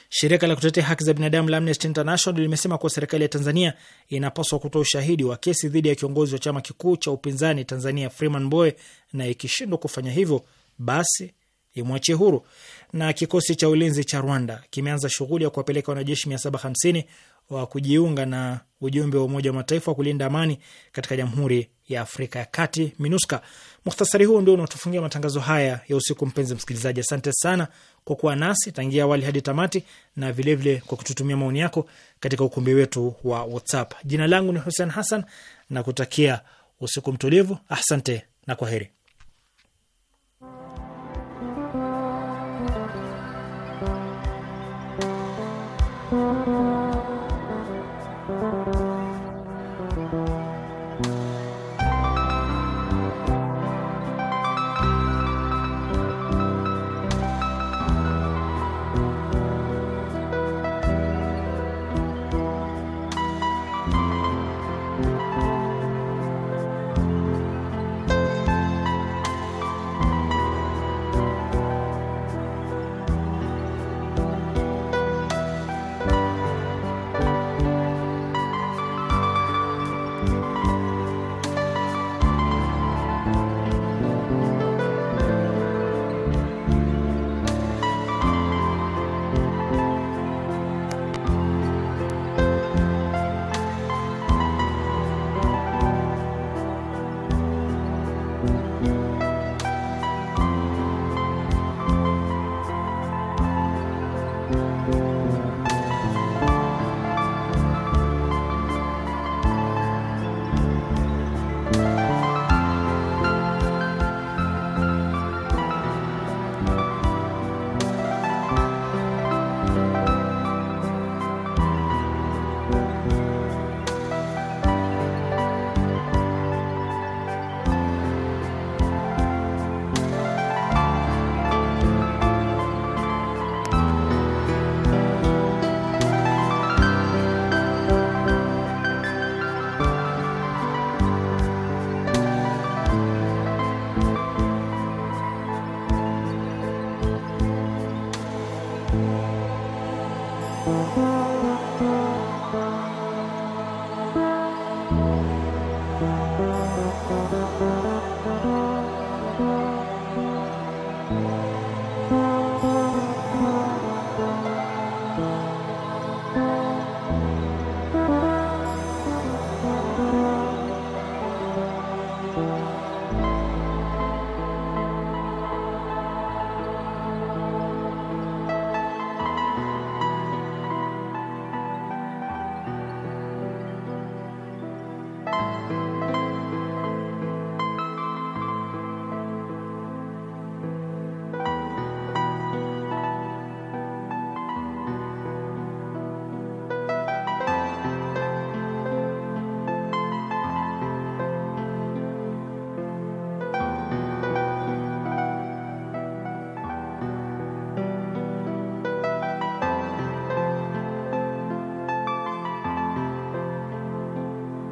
Shirika la kutetea haki za binadamu la Amnesty International limesema kuwa serikali ya Tanzania inapaswa kutoa ushahidi wa kesi dhidi ya kiongozi wa chama kikuu cha upinzani Tanzania, Freeman Mbowe, na ikishindwa kufanya hivyo, basi imwachie huru. Na kikosi cha ulinzi cha Rwanda kimeanza shughuli ya kuwapeleka wanajeshi 750 wa kujiunga na ujumbe wa Umoja wa Mataifa wa kulinda amani katika Jamhuri ya Afrika ya Kati, MINUSCA. Mukhtasari huu ndio unaotufungia matangazo haya ya usiku. Mpenzi msikilizaji, asante sana kwa kuwa nasi tangia awali hadi tamati, na vilevile vile kwa kututumia maoni yako katika ukumbi wetu wa WhatsApp. Jina langu ni Hussein Hassan na kutakia usiku mtulivu. Asante na kwa heri.